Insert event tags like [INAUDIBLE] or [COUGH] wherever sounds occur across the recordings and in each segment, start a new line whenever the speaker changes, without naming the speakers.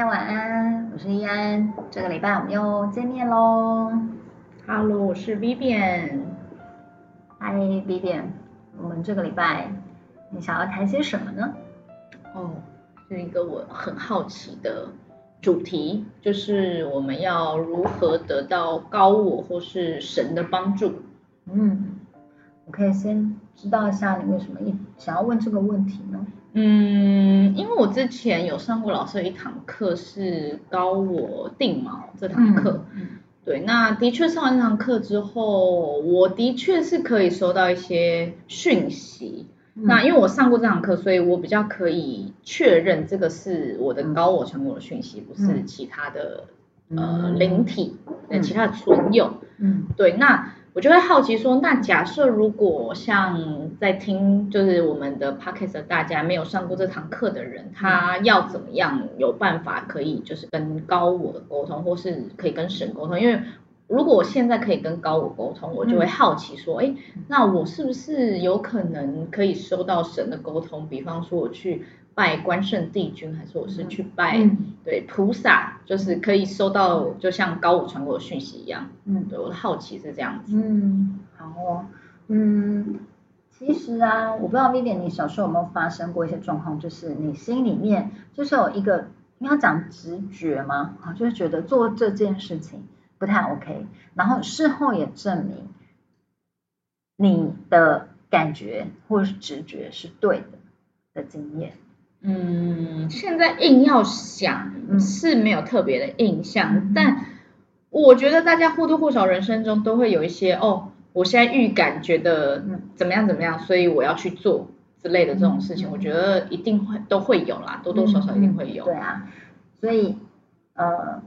大家晚安，我是依安，這個禮拜我們又見面嘍。哈嘍，我是 Vivian。嗨
，Vivian，我們這個禮拜你想要談些什麼呢？哦，是一個我很好奇的主題，就是我們要如何得到高我或是神的幫助。嗯，
我可以先知道一下你為什麼一想要問這個問題呢？
嗯，因為我之前有上過老師的一堂課，是高我定錨這堂課、嗯嗯。對，那的確上完這堂課之後，我的確是可以收到一些訊息、嗯。那因為我上過這堂課，所以我比較可以確認這個是我的高我成果的訊息、嗯，不是其他的、嗯、呃靈體、嗯、其他的存有。嗯、對，那。我就會好奇說，那假設如果像在聽，就是我們的 podcast 的大家沒有上過這堂課的人，他要怎麼樣有辦法可以就是跟高我的溝通，或是可以跟神溝通？因為如果我現在可以跟高我溝通，我就會好奇說，誒，那我是不是有可能可以收到神的溝通？比方說我去。拜關聖帝君，還是我是去拜、嗯、對菩薩，就是可以收到，就像高我傳我的訊息一樣。嗯，對,我的好奇是這樣
子。嗯，好哦。嗯，其實啊,我不知道 Vivian，你小時候有沒有發生過一些狀況，就是你心裡面就是有一個你要講直覺嗎？啊，就是覺得做這件事情不太 OK，然後事後也證明你的感覺或者是直覺是對的的經驗。
嗯，現在硬要想、嗯、是沒有特別的印象，嗯、但我覺得大家或多或少人生中都會有一些哦，我現在預感覺得怎麼樣怎麼樣，嗯、所以我要去做之類的這種事情，嗯、我覺得一定會都會有啦，多多少少一定會有，嗯、對啊，所以呃，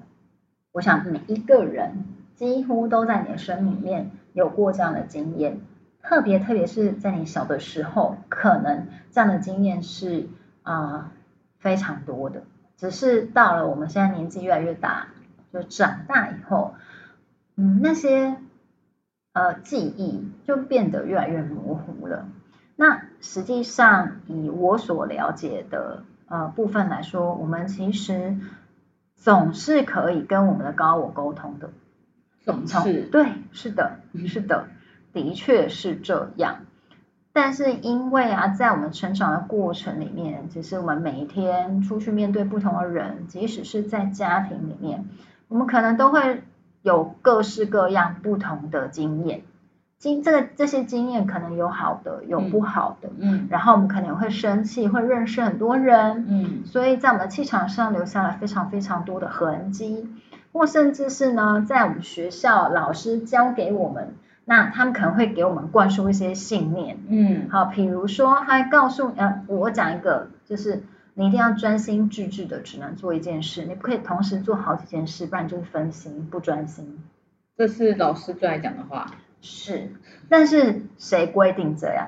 我想每一個
人幾乎都在你的生命裡面有過這樣的經驗，特別特別是在你小的時候，可能這樣的經驗是。啊、呃，非常多的，只是到了我們現在年紀越來越大，就長大以後，嗯，那些呃記憶就變得越來越模糊了。那實際上以我所了解的呃部分來說，我們其實總是可以跟我們的高我溝通的，總是總從，對，是的，是的， [LAUGHS] 的確是這樣。但是因為啊，在我們成長的過程裡面，其實我們每一天出去面對不同的人，即使是在家庭裡面，我們可能都會有各式各樣不同的經驗，經這個這些經驗可能有好的，有不好的，嗯，嗯，然後我們可能會生氣，會認識很多人，嗯，所以在我們的氣場上留下了非常非常多的痕跡，或甚至是呢，在我們學校老師教給我們。那他們可能會給我們灌輸一些信念，嗯，好，比如說他告訴，呃，我講一個，就是你一定要專心致志的，只能做一件事，你不可以同時做好幾件事，不然就是分心，不專心。這是老師最愛講的話。是，但是誰規定這樣？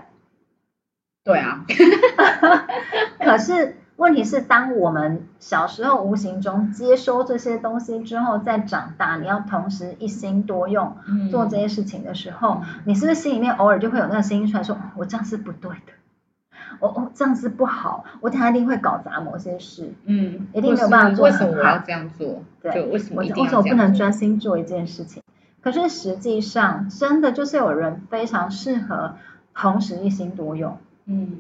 對啊。
[LAUGHS] [LAUGHS] 可是。問題是，當我們小時候無形中接收這些東西之後，再長大，你要同時一心多用做這些事情的時候，嗯、你是不是心裡面偶爾就會有那個聲音出來說、哦，我這樣是不對的，我、哦、我、哦、這樣是不好，我肯定會搞砸某些事，嗯，一定沒有辦法做得很好。為什麼我要這樣做？對，為什麼我為什麼不能專心做一件事情？可是實際上，真的就是有人非常適合同時一心多用，嗯。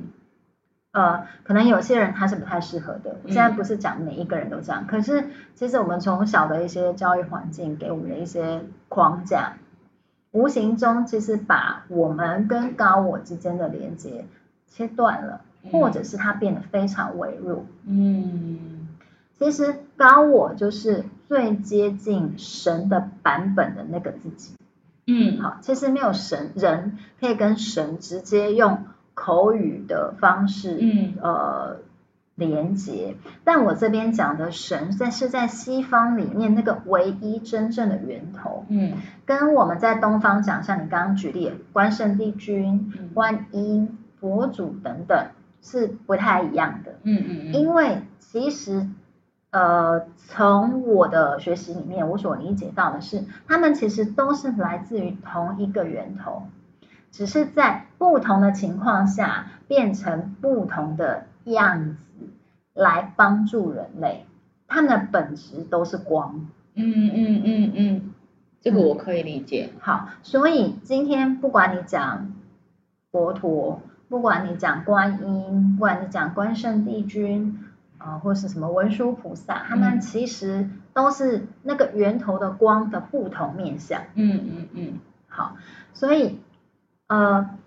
呃，可能有些人他是不太適合的。我現在不是講每一個人都這樣，嗯，可是其實我們從小的一些教育環境給我們的一些框架，無形中其實把我們跟高我之間的連接切斷了，或者是它變得非常微弱。嗯，其實高我就是最接近神的版本的那個自己。嗯，嗯，好，其實沒有神，人可以跟神直接用。口語的方式，嗯，呃，連接。但我這邊講的神，在是在西方裡面那個唯一真正的源頭，嗯，跟我們在東方講，像你剛剛舉例關聖帝君、觀音、佛祖等等，是不太一樣的，嗯嗯。因為其實，呃，從我的學習裡面，我所理解到的是，他們其實都是來自於同一個源頭。只是在不同的情況下變成不同的樣子來幫助人類，他們的本質都是光。嗯
嗯嗯
嗯，這個我可以理解。好，所以今天不管你講佛陀，不管你講觀音，不管你講關聖帝君，啊、呃，或是什麼文殊菩薩，他們其實都是那個源頭的光的不同面向。嗯嗯嗯，好，所以。呃，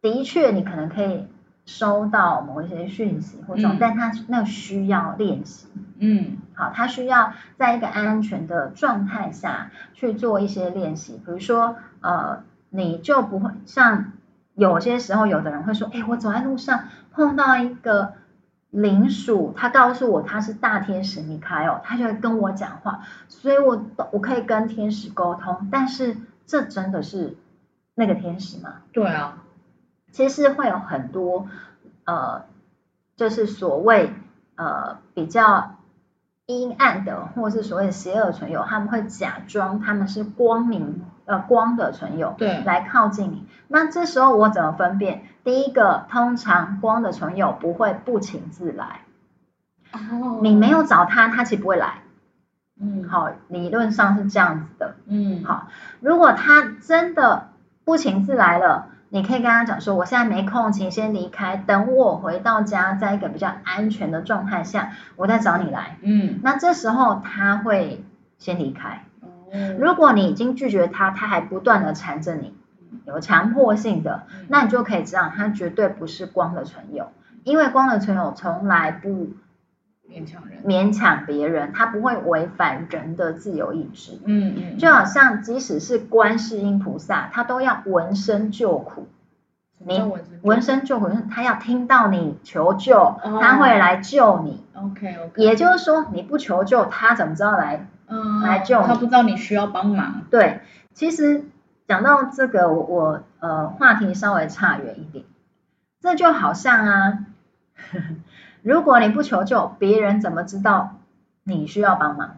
的確，你可能可以收到某一些訊息或者，嗯，但他那需要練習。嗯，好，他需要在一個安全的狀態下去做一些練習。比如說，呃，你就不會像有些時候，有的人會說：“哎，欸，我走在路上碰到一個靈鼠，他告訴我他是大天使米迦勒，喔，他就會跟我講話，所以我我可以跟天使溝通。”但是這真的是。那個天使嗎？對啊，其實會有很多呃，就是所謂呃比較陰暗的，或是所謂邪惡存有，他們會假裝他們是光明、嗯、呃光的存有，對，來靠近你。那這時候我怎麼分辨？第一個，通常光的存有不會不請自來，哦、你沒有找他，他其實不會來？嗯，好，理論上是這樣子的，嗯，好，如果他真的。不請自來了，你可以跟他講說，我現在沒空，請先離開，等我回到家，在一個比較安全的狀態下，我再找你來。嗯，那這時候他會先離開。如果你已經拒絕他，他還不斷的纏着你，有強迫性的，那你就可以知道，他絕對不是光的存有，因為光的存有從來不。
勉強人，勉
強別人，他不會違反人的自由意志。嗯嗯，就好像即使是觀世音菩薩、嗯，他都要聞聲救苦。你聞聲救苦，他要聽到你求救，哦、他會來救你。OK OK。也就是說，你不求救，他怎麼知道來、嗯、來救你？他不知道你需要幫忙。對，其實講到這個，我，我呃話題稍微差遠一點。這就好像啊。呵呵如果你不求救，別人怎麼知道你需要幫忙？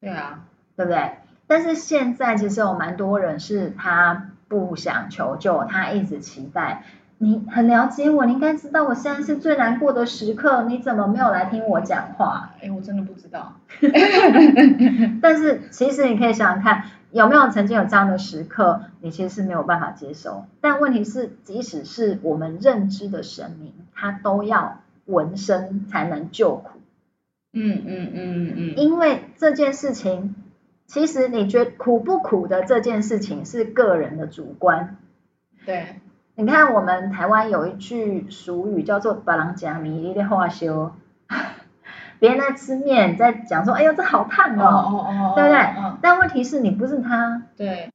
對啊，對不對？但是現在其實有蠻多人是他不想求救，他一直期待你很了解我，你應該知道我現在是最難過的時刻，你怎麼沒有來聽我講話？哎，我真的不知道。 [LAUGHS] [LAUGHS] 但是其實你可以想想看，有沒有曾經有這樣的時刻，你其實是沒有辦法接受。但問題是，即使是我們認知的神明，他都要。聞聲才能救苦。嗯嗯嗯嗯。因為這件事情，其實你覺得苦不苦的這件事情是個人的主觀。
對。
你看，我們台灣有一句俗語叫做“白郎夾米，一粒花休。” [LAUGHS] 別人在吃麵，在講說：“哎呦，這好燙哦，哦，哦，哦！”對不對、哦？但問題是你不是他。對。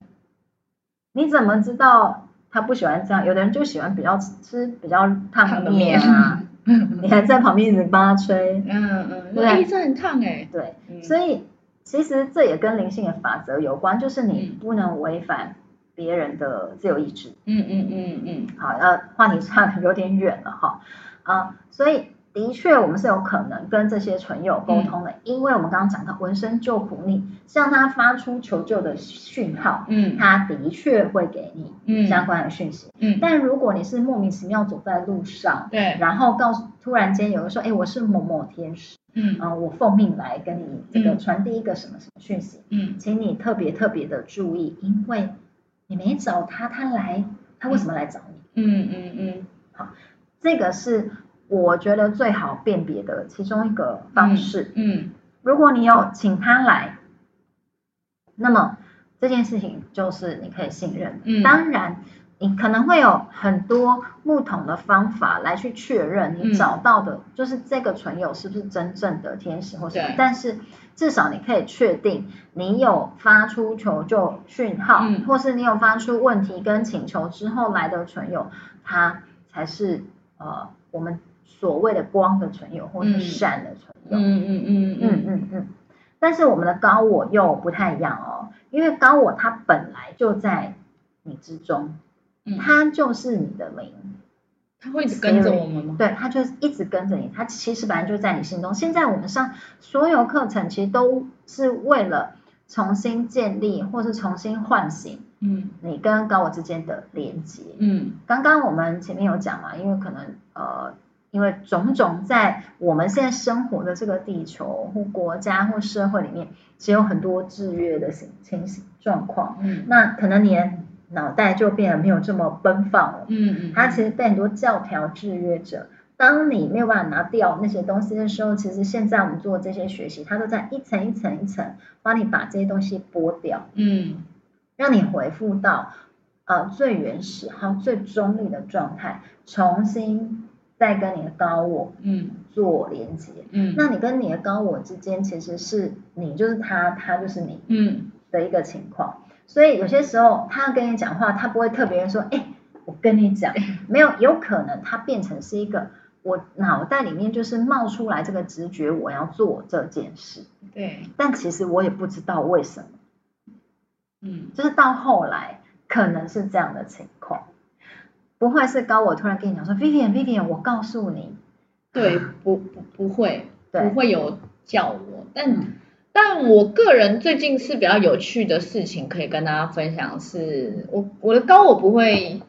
你怎麼知道他不喜歡這樣？有的人就喜歡比較吃比較燙的麵啊。你還在旁邊一直幫他吹，嗯嗯，嗯，嗯，對，一直
很燙誒，對，嗯、
所以其實這也跟靈性的法則有關，就是你不能違反別人的自由意志，嗯嗯嗯嗯，好，那話題差的有點遠了哈，啊，所以。的確，我們是有可能跟這些存有溝通的。嗯，因為我們剛剛講到聞聲救苦，你向，他發出求救的訊號，嗯，他的確會給你相關的訊息。嗯，嗯，但如果你是莫名其妙走在路上，對、嗯，然後告訴突然間有人說、欸，我是某某天使，嗯，啊，我奉命來跟你這個傳遞一個什麼什麼訊息，嗯，請你特別特別的注意，因為你沒找他，他來，他為什麼來找你？嗯嗯嗯，嗯，好，這個是。我覺得最好辨別的其中一個方式嗯，嗯，如果你有請他來，那麼這件事情就是你可以信任，嗯。當然你可能會有很多不同的方法來去確認你找到的就是這個存有是不是真正的天使或什麼，但是至少你可以確定你有發出求救訊號，嗯，或是你有發出問題跟請求之後來的存有，他才是呃我們。所謂的光的存有，或是善的存有。嗯嗯嗯嗯嗯嗯。但是我們的高我又不太一樣哦，因為高我它本來就在你之中，嗯，它就是你的靈。
它會一直跟着我們嗎？
對，它就一直跟着你。它其實本來就在你心中。現在我們上所有課程，其實都是為了重新建立，或是重新喚醒，嗯，你跟高我之間的連接。嗯。嗯、剛剛我們前面有講嘛，因為可能呃。因為種種在我們現在生活的這個地球或國家或社會裡面，其實有很多制約的情情形狀況，嗯，那可能你的腦袋就變得沒有這麼奔放了，嗯，嗯，它其實被很多教條制約着。當你沒有辦法拿掉那些東西的時候，其實現在我們做這些學習，它都在一層一層一層，一層幫你把這些東西剝掉，嗯，讓你回復到呃最原始和最中立的狀態，重新。在跟你的高我嗯做連接嗯，嗯，那你跟你的高我之間其實是你就是他，他就是你嗯的一個情況，嗯，所以有些時候他跟你講話，他不會特別說哎，欸，我跟你講，沒有，有可能他變成是一個我腦袋裡面就是冒出來這個直覺，我要做這件事，對，但其實我也不知道為什麼，嗯，就是到後來可能是這樣的情況。
不會是高我突然跟你講說，Vivian，Vivian，Vivian 我告訴你，對，不不不會，不會有叫我，但、嗯、但我個人最近是比較有趣的事情可以跟大家分享是，是我我的高我不會，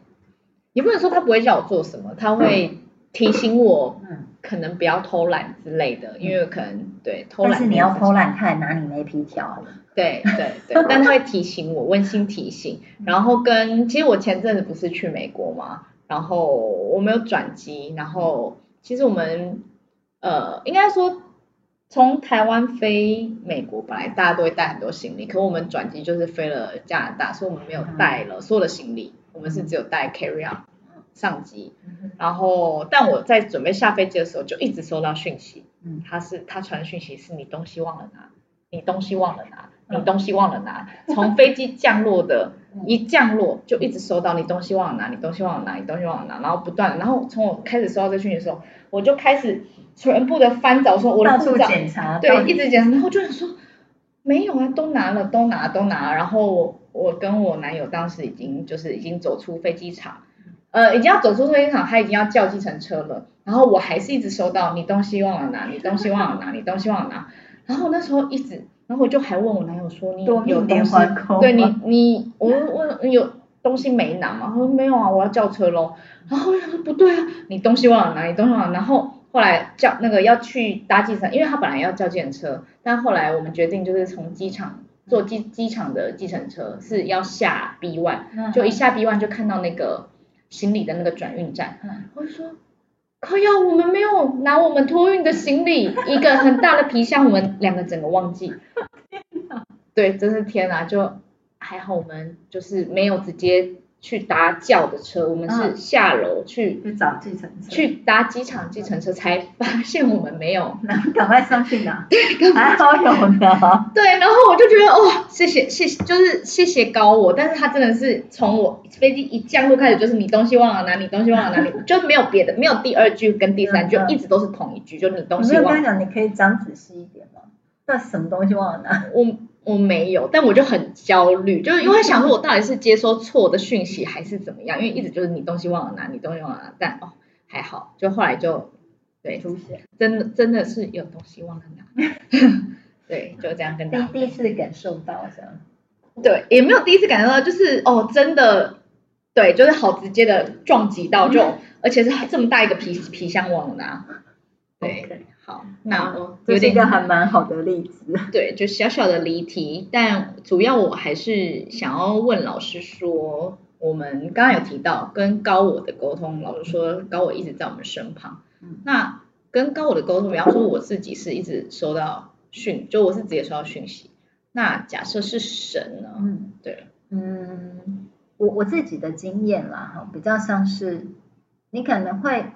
也不能說他不會叫我做什麼，他會提醒我，嗯嗯可能不要偷懶之類的，因為可能對偷懶。但是你要偷懶，
他還拿你那批條。
對對對，但他 [LAUGHS] 會提醒我，溫馨提醒。然後跟其實我前陣子不是去美國嘛，然後我沒有轉機，然後其實我們呃應該說從台灣飛美國，本來大家都會帶很多行李，可是我們轉機就是飛了加拿大，所以我們沒有帶了所有的行李，嗯、我們是只有帶 carry on。上機，然後，但我在準備下飛機的時候，就一直收到訊息。嗯、他是他傳的訊息是：你東西忘了拿，你東西忘了拿，嗯、你東西忘了拿，嗯，從飛機降落的， [LAUGHS] 一降落就一直收到你東西忘了拿，嗯、你東西忘了拿，你東西忘了拿，你東西忘了拿，然後不斷。然後從我開始收到這訊息的時候，我就開始全部的翻找，說我的護照，到處檢查，對，一直檢查，然後就想說沒有啊，都拿了，都拿，都拿，都拿。然後我跟我男友當時已經就是已經走出飛機場。呃，已經要走出飛機場，他已經要叫計程車了。然後我還是一直收到你東西忘了拿，你東西忘了拿，你東西忘了拿。 [LAUGHS] 然後那時候一直，然後我就還問我男友說你 [LAUGHS] 你你你，你有東西？對你，你，我我問有東西沒拿嘛？他說沒有啊，我要叫車嘍。然後我說不對啊，你東西忘了拿，你東西忘了拿。了然後後來叫那個要去搭計程，因為他本來要叫計程車，但後來我們決定就是從機場坐機機場的計程車是要下 B one， [LAUGHS] 就一下 B one 就看到那個。行李的那個轉運站，我說可要我們沒有拿我們托運的行李，一個很大的皮箱，我們兩個整個忘記。 [LAUGHS] 天哪！對，真是天哪！就還好我們就是沒有直接，去搭轎的車，我們是下樓去、啊、去找計程車，去搭機場計程車，才發現我們沒有，然後趕快上去拿。 [LAUGHS] 對，還好有的。對，然後我就覺得哦，謝謝，謝謝就是謝謝高我，但是他真的是從我飛機一降落開始，就是你東西忘了拿，你東西忘了拿，你 [LAUGHS] 就沒有別的，沒有第二句跟第三句，一直都是同一句，就你東西忘了拿。
我跟你講，你可以講仔細一點嗎？
那什麼東西忘了拿？我。 [LAUGHS] 我沒有，但我就很焦慮，就是因為想說，我到底是接收錯的訊息還是怎麼樣？因為一直就是你東西忘了拿，你東西忘了拿，但哦還好，就後來就對出血，真的真的是有東西忘了拿， [LAUGHS] [LAUGHS] 對，就這樣跟大家第一次感受到這樣，對，也沒有第一次感受到，就是哦真的對，就是好直接的撞擊到就，就、嗯、而且是這麼大一個皮皮箱忘了拿，對。哦對好，那我、嗯就是、這是一個還蠻好的例子。對，就小小的離題，但主要我還是想要問老師說，我們剛剛有提到跟高我的溝通，老師說高我一直在我們身旁。嗯。那跟高我的溝通，比方說我自己是一直收到訊，就我是直接收到訊息。那假設是神呢？嗯，
對。嗯，我我自己的經驗啦，哈，比較像是你可能會。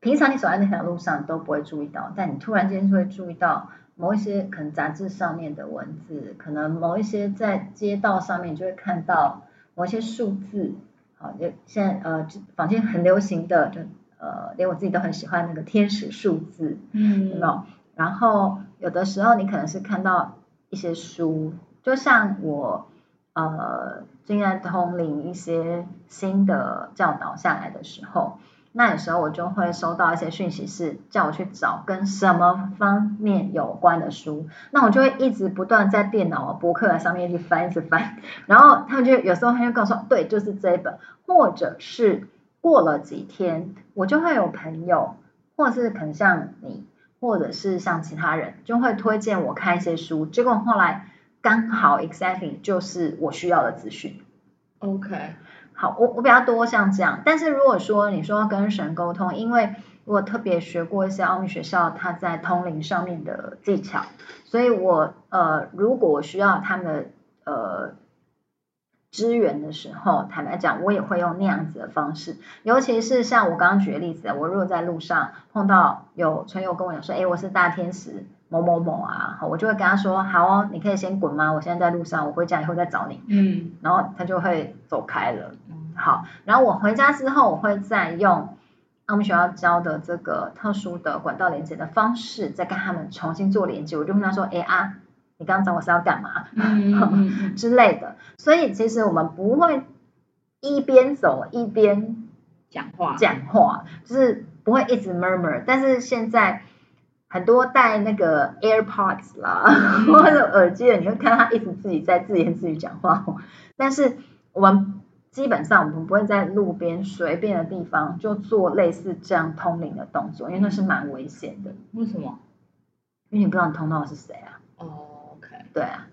平常你走在那條路上都不會注意到，但你突然間就會注意到某一些可能雜誌上面的文字，可能某一些在街道上面就會看到某一些數字。好，就現在呃，坊間很流行的，就呃，連我自己都很喜歡那個天使數字，嗯，有沒有？然後有的時候你可能是看到一些書，就像我呃，現在通靈，一些新的教導下來的時候。那有時候我就會收到一些訊息，是叫我去找跟什麼方面有關的書。那我就會一直不斷在電腦的博客上面去翻，一直翻。然後他們就有時候他就告訴我，對，就是這一本，或者是過了幾天，我就會有朋友，或者是可能像你，或者是像其他人，就會推薦我看一些書。結果後來剛好 exactly 就是我需要的資訊。OK。好，我我比較多像這樣，但是如果說你說要跟神溝通，因為我特別學過一些奧秘學校，他在通靈上面的技巧，所以我呃，如果需要他們的呃支援的時候，坦白講，我也會用那樣子的方式，尤其是像我剛剛舉的例子，我如果在路上碰到有存有跟我講說，哎、欸，我是大天使某某某啊。好，我就會跟他說，好哦，你可以先滾嗎？我現在在路上，我回家以後再找你。嗯，然後他就會走開了。好，然後我回家之後，我會再用我們學校教的這個特殊的管道連接的方式，再跟他們重新做連接。我就跟他說：“哎啊，你剛剛找我是要幹嘛嗯嗯嗯？”之類的。所以其實我們不會一邊走一邊講話，講、嗯、話就是不會一直 murmur。但是現在很多戴那個 AirPods 啦、嗯、或者耳機的，你會看到他一直自己在自言自語講話。但是我們。基本上我們不會在路邊隨便的地方就做類似這樣通靈的動作，因為那是蠻危險的。為什麼？因為你不知道你通道是誰啊。OK。對啊。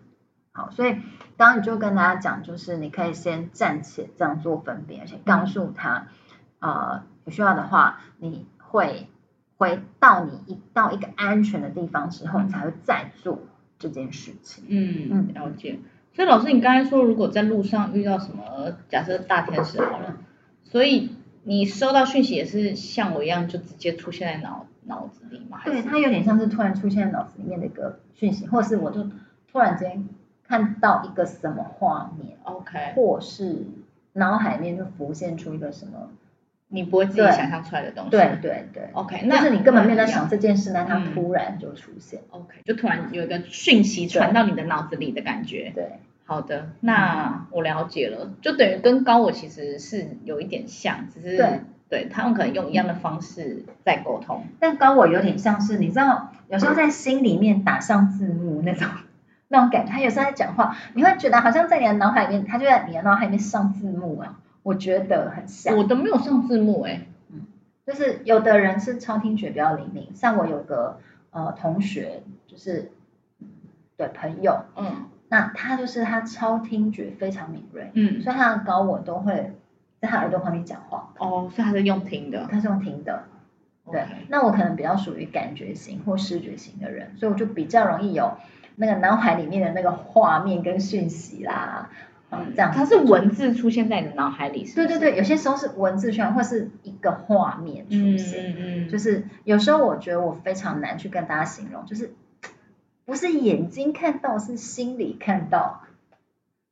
好，所以剛剛你就跟大家講，就是你可以先暫且這樣做分辨，而且告訴他，嗯，呃，有需要的話，你會回到你一到一個安全的地方之後，你才會再做這件事情。嗯，了解。
嗯所以老師，你剛才說如果在路上遇到什麼，假設大天使好了，所以你收到訊息也是像我一樣就直接出現在腦腦子裡嗎？
對，它有點像是突然出現在腦子裡面的一個訊息，或是我就突然間看到一個什麼畫面，OK，或是腦海裡面就浮現出一個
什麼。你不會自己想象出來的東西對，對對對。OK，那但是你根本沒在想這件事呢、嗯，它突然就出現。OK，就突然有一個訊息傳到你的腦子裡的感覺。對，好的，那我了解了，就等於跟高我其實是有一點像，只是對，對他們可能用一樣的方式在溝通、嗯。但高我有點像
是，你知道，有時候在心裡面打上字幕那種、嗯、那種感覺，他有時候在講話，你會覺得好像在你的腦海裡面，他就在你的腦海裡面上字幕啊。我覺得很像，我都沒有上字幕哎，嗯，就是有的人是超聽覺比較靈敏，像我有個呃同學就是對朋友，嗯，那他就是他超聽覺非常敏銳，嗯，所以他的高我都會在他耳朵旁邊講話。哦，所以他是用聽的，他是用聽的，okay、對，那我可能比較屬於感覺型或視覺型的人，所以我就比較容易有那個腦海裡面的那個畫面
跟訊息啦。嗯，這樣它，是文字出現在你的腦海裡是不是？對
對對，有些時候是文字出現或是一個畫面出現。嗯嗯，嗯，就是有時候我覺得我非常難去跟大家形容，就是不是眼睛看到，是心裡看到。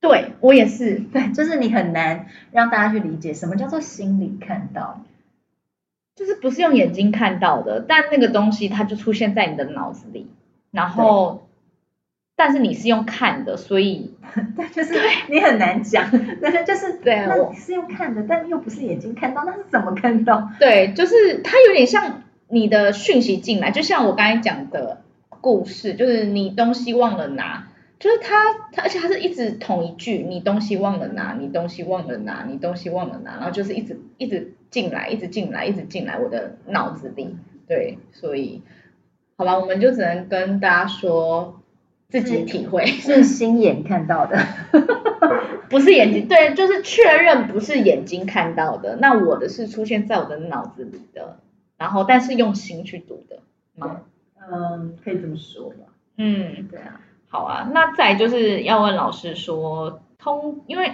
對我也是，對，就是你很難讓大家去理解什麼叫做
心裡看到，就是不是用眼睛看到的，嗯、但那個東西它就出現在你的腦子裡，然後。但是你是用看的，所以 [LAUGHS] 就是你很難講，那 [LAUGHS] 個就是對啊。那你是用看的，但又不是眼睛看到，那是怎麼看到？對，就是它有點像你的訊息進來，就像我剛才講的故事，就是你東西忘了拿，就是它，它而且它是一直同一句，你東西忘了拿，你東西忘了拿，你東西忘了拿，然後就是一直一直進來，一直進來，一直進來我的腦子裡。對，所以好吧，我們就只能跟大家說。自己體會是心眼看到的， [LAUGHS] 不是眼睛，對，就是確認不是眼睛看到的。那我的是出現在我的腦子裡的，然後但是用心去讀的。嗯，嗯，可以這麼說嗎？嗯，對啊。好啊，那再就是要問老師說，通，因為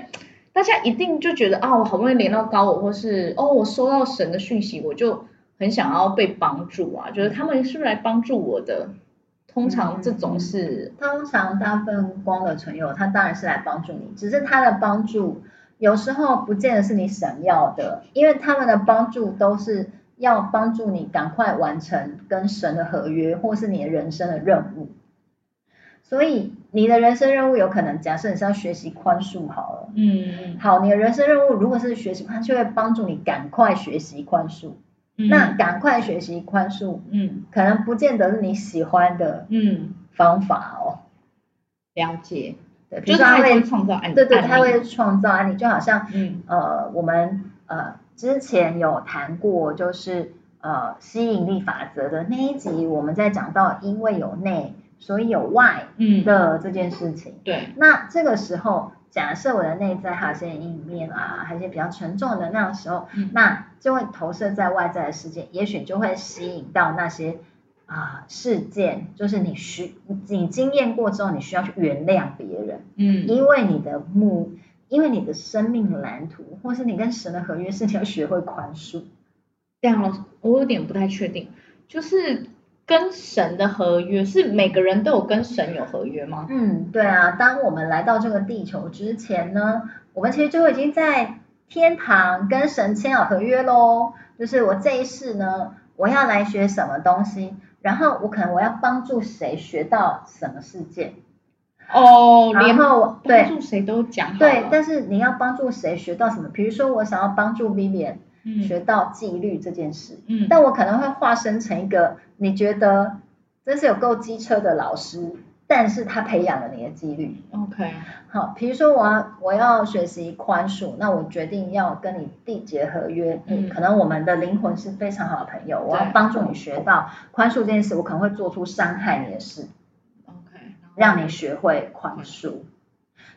大家一定就覺得啊、哦，我好不容易連到高我，或是哦，我收到神的訊息，我就很想要被幫助啊，就是他們是不是來幫助我的？通常這種是、嗯
嗯，通常大部分光的存有，它當然是來幫助你，只是它的幫助有時候不見得是你想要的，因為他們的幫助都是要幫助你趕快完成跟神的合約，或是你的人生的任務。所以你的人生任務有可能，假設你是要學習寬恕好了，嗯好，你的人生任務如果是學習寬恕，就會幫助你趕快學習寬恕。那趕快學習寬恕，嗯，可能不見得是你喜歡的，嗯，方法哦，嗯、了解，對，比如說就是他會創造案例，對對，他會創造案例，就好像，嗯，呃，我們呃之前有談過，就是呃吸引力法則的那一集，我們在講到因為有內，所以有外，嗯的這件事情、嗯，對，那這個時候。假設我的內在還有一些陰影面啊，還有些比較沉重的，那種時候，那就會投射在外在的世界，也許就會吸引到那些啊、呃、事件，就是你需你經驗過之後，你需要去原諒別人，嗯，因為你的目，因為你的生命藍圖，或是你跟神的合約，是你要
學會寬恕。這樣，我有點不太確定，就是。跟神的合約是每個人都有跟神有合約嗎？嗯，對啊，當我們來
到這個地球之前呢，我們其實就已經在天堂跟神簽好合約嘍。就是我這一世呢，我要來學什麼東西，然後我可能我要幫助誰學到什麼世界。
哦，然後對
誰都講對，對，但是你要幫助誰學到什麼？比如說我想要幫助 Vivian 學到紀律這件事，嗯，但我可能會化身成一個你覺得真是有夠機車的老師，但是他培養了你的紀律。OK，嗯，好，比如說我要我要學習寬恕，那我決定要跟你締結合約，嗯，可能我們的靈魂是非常好的朋友，嗯，我要幫助你學到寬恕這件事，我可能會做出傷害你的事，OK，嗯，讓你學會寬恕，嗯。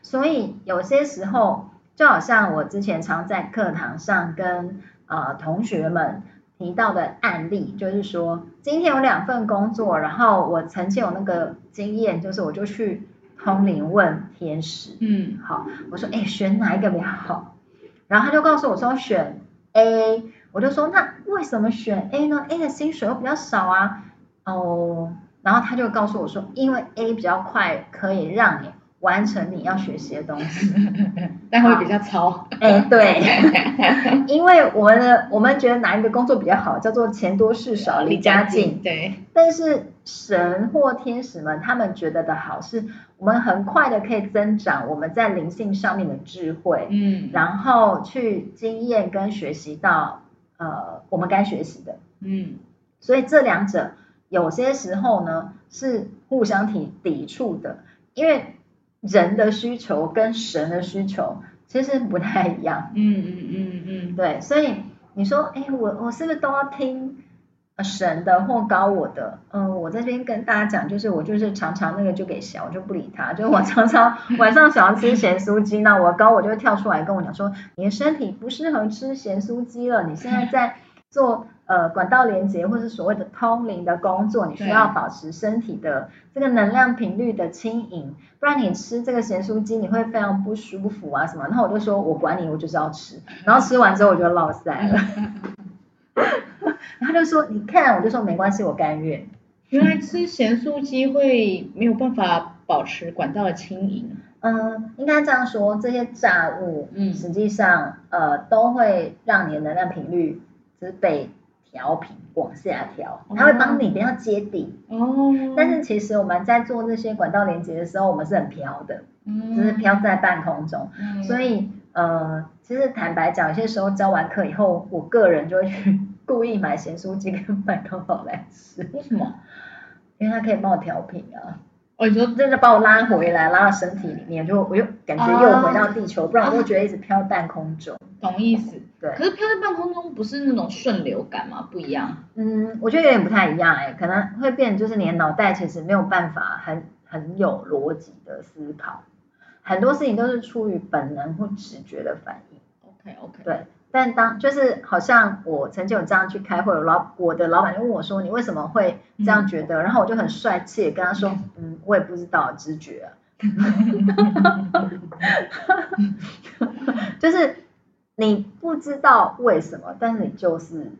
所以有些時候，就好像我之前常在課堂上跟啊、呃，同學們提到的案例就是說，今天有兩份工作，然後我曾經有那個經驗，就是我就去通靈問天使，嗯，好，我說哎、欸，選哪一個比較好？然後他就告訴我說選 A，我就說那為什麼選 A 呢？A 的薪水又比較少啊，哦，然後他就告訴我說，因為 A 比較快，可以讓你。完成你要學習的東西， [LAUGHS]
但會比較操。哎、uh, 欸，對， [LAUGHS] 因為
我們的我們覺得哪一個工作比較好，叫做錢多事少，離家近。對。但是神或天使們他們覺得的好是，我們很快的可以增長我們在靈性上面的智慧。嗯。然後去經驗跟學習到呃我們該學習的。嗯。所以這兩者有些時候呢是互相挺抵觸的，因為。人的需求跟神的需求其實不太一樣。嗯嗯嗯嗯，對，所以你說，哎、欸，我我是不是都要聽神的或高我的？嗯，我在這邊跟大家講，就是我就是常常那個就給小，我就不理他。就我常常晚上想要吃鹹酥雞， [LAUGHS] 那我高我就會跳出來跟我講說，你的身體不適合吃鹹酥雞了，你現在在。做呃，管道連接或是所謂的通靈的工作，你需要保持身體的這個能量頻率的輕盈，不然你吃這個鹹酥雞你會非常不舒服啊什麼。然後我就說，我管你，我就是要吃。然後吃完之後我就落賽了。他 [LAUGHS] [LAUGHS] 就說，你看，我就說沒關係，我甘願。原來吃鹹酥雞會沒
有辦法保持管道的輕盈。嗯，應
該這樣說，這些炸物，嗯，實際上呃都會讓你的能量頻率。就是被調平往下調，它會幫你不要接地、嗯
哦。但是
其實我們在做那些管道連接的時候，我們是很飄的、嗯，就是飄在半空中、嗯。所以，呃，其實坦白講，有些時候教完課以後，我個人就會去故意買鹹酥雞跟麥當勞來吃，為什麼？因為它可以幫我調平啊。我覺得真的把我拉回來，拉到身體裡面，就我又感覺又回到地球、啊，不然我會覺得一直飄在半空中。懂意思，對。可是飄在半空中不是那種順流感嗎？不一樣。嗯，我覺得有點不太一樣哎、欸，可能會變，就是你的腦袋其實沒有辦法很很有邏輯的思考，很多事情都是出於本能或直覺的反應。
OK OK，對。
但當就是好像我曾經有這樣去開會，我老我的老闆就問我說：“你為什麼會這樣覺得？”嗯、然後我就很帥氣跟他說：“嗯，我也不知道，直覺、啊。 [LAUGHS] ”
[LAUGHS] 就是你不知道為什麼，但是你就是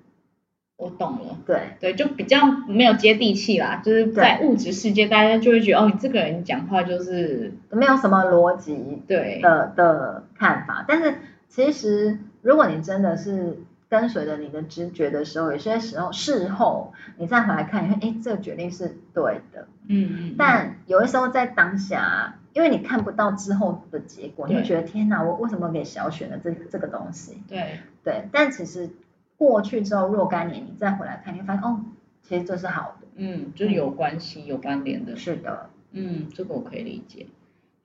我懂了。對對，就比較沒有接地氣啦，就是在物質世界，大家就會覺得哦，你這個人講話就是沒有什麼邏
輯的對的看法，但是其實。如果你真的是跟隨着你的直覺的時候，有些時候事後你再回來看，你會哎、欸、這個決定是對的，嗯，嗯，但有的時候在當下，因為你看不到之後的結果，你會覺得天哪，我為什麼給小選了這這個東西？對對。但其實過去之後若干年，你再回來看，你會發現哦，其實這是好的，嗯，就是
有關係，嗯，有關聯的，是的，嗯，這個我可以理解。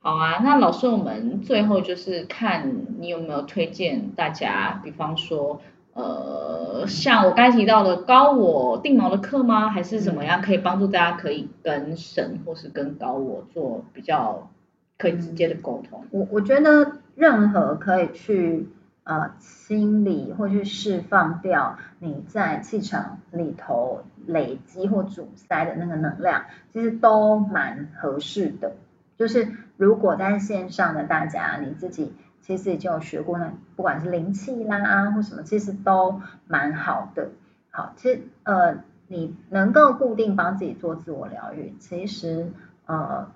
好啊，那老師，我們最後就是看你有沒有推薦大家，比方說，呃，像我剛才提到的高我定錨的課嗎？還是怎麼樣，可以幫助大家可以跟神或是跟高我做比較可以直接的溝通？
我我覺得任何可以去呃清理或去釋放掉你在氣場裡頭累積或阻塞的那個能量，其實都蠻合適的。就是如果在線上的大家，你自己其實已經有學過，不管是靈氣啦，或什麼，其實都蠻好的。好，其實呃你能夠固定幫自己做自我療癒，其實呃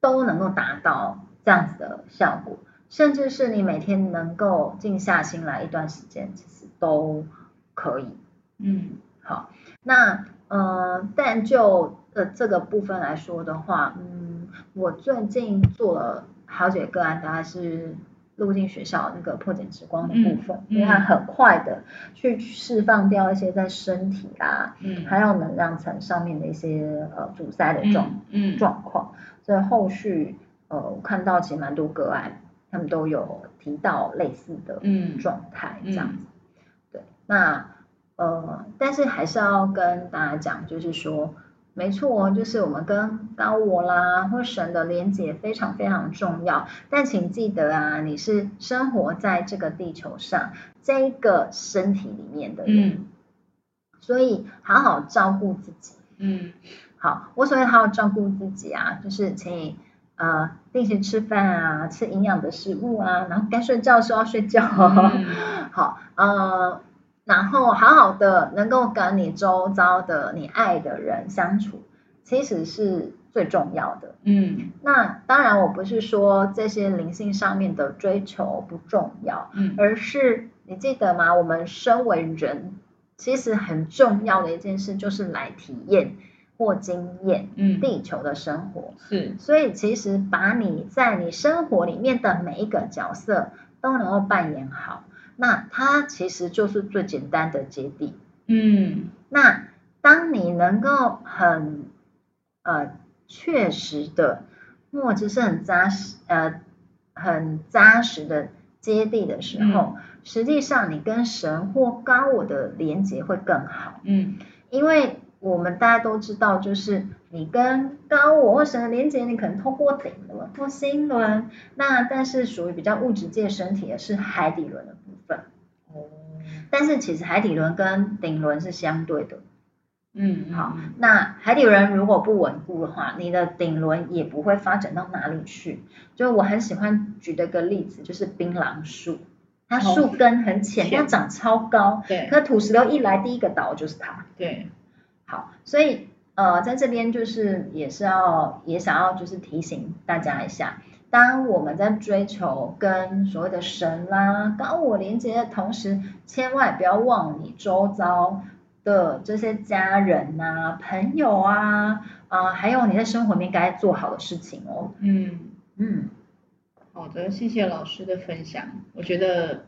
都能夠達到這樣子的效果，甚至是你每天能夠靜下心來一段時間，其實都可以。
嗯，
好，那呃但就呃這個部分來說的話，嗯。我最近做了好幾個個案，大概是路徑學校那個破繭之光的部分，因為，嗯、它、嗯、很快的去釋放掉一些在身體啊，嗯，還有能量層上面的一些呃阻塞的狀狀況，所以後續呃我看到其實蠻多個案，他們都有提到類似的嗯狀態這樣子，嗯嗯，對，那呃但是還是要跟大家講，就是說。沒錯，就是我們跟高我啦或神的連結非常非常重要，但請記得啊，你是生活在這個地球上，這一個身體裡面的
人，
嗯，所以好好照顧自己。嗯，好，我所謂好好照顧自己啊，就是請你啊，呃，定時吃飯啊，吃營養的食物啊，然後該睡覺的時候要睡覺哦，嗯。好，嗯，呃。然後好好的能夠跟你周遭的你愛的人相處，其實是最重要的。嗯，那當然我不是說這些靈性上面的追求不重要，嗯，而是你記得嗎？我們身為人，其實很重要的一件事就是來體驗或經驗嗯地球的生活。嗯，是，所以其實把你在你生活裡面的每一個角色都能夠扮演好。那它其實就是最簡單的接地。嗯，那當你能夠很呃確實的，或者是很扎實呃很扎實的接地的時候，嗯，實際上你跟神或高我的連接會更好。嗯，因為我們大家都知道，就是。你跟高我或神的連接，你可能通過頂輪、或心輪，那但是屬於比較物質界身體的是海底輪的部分。但是其實海底輪跟頂輪是相對的。嗯。好，那海底輪如果不穩固的話，你的頂輪也不會發展到哪裡去。就我很喜歡舉的一個例子，就是檳榔樹，它樹根很淺，哦，它長超高。對、嗯。可是土石流一來，第一個倒就是它。對、嗯。好，所以。呃，在這邊就是也是要也想要就是提醒大家一下，當我們在追求跟所謂的神啦、啊、高我連接的同時，千萬不要忘你周遭的這些家人吶、啊、朋友啊啊、呃，還有你在生活裡面該做好的事情哦。嗯嗯，
好的，謝謝老師的分享，我覺得。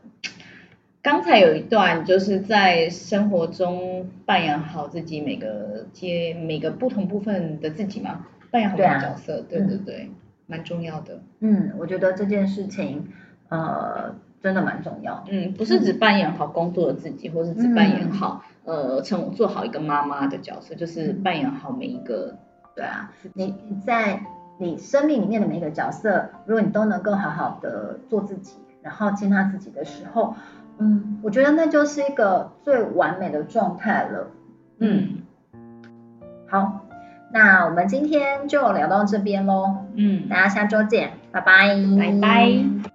剛才有一段就是在生活中扮演好自己每個接每個不同部分的自己嘛，扮演好角色，對、啊、對對、對、嗯，蠻重要的。嗯，我覺得這件事情呃真的蠻重要。嗯，不是只扮演好工作的自己，或是只扮演好、嗯、呃成做好一個媽媽的角色，就是扮演好每一個、嗯、對啊，你在你生命裡面的每一個角色，如果你都
能夠好好的做自己，然後接納自己的時候。嗯嗯，我覺得那就是一個最完美的狀態了。嗯，好，那我們今天就聊到這邊嘍。嗯，大家下週見，拜拜，拜拜。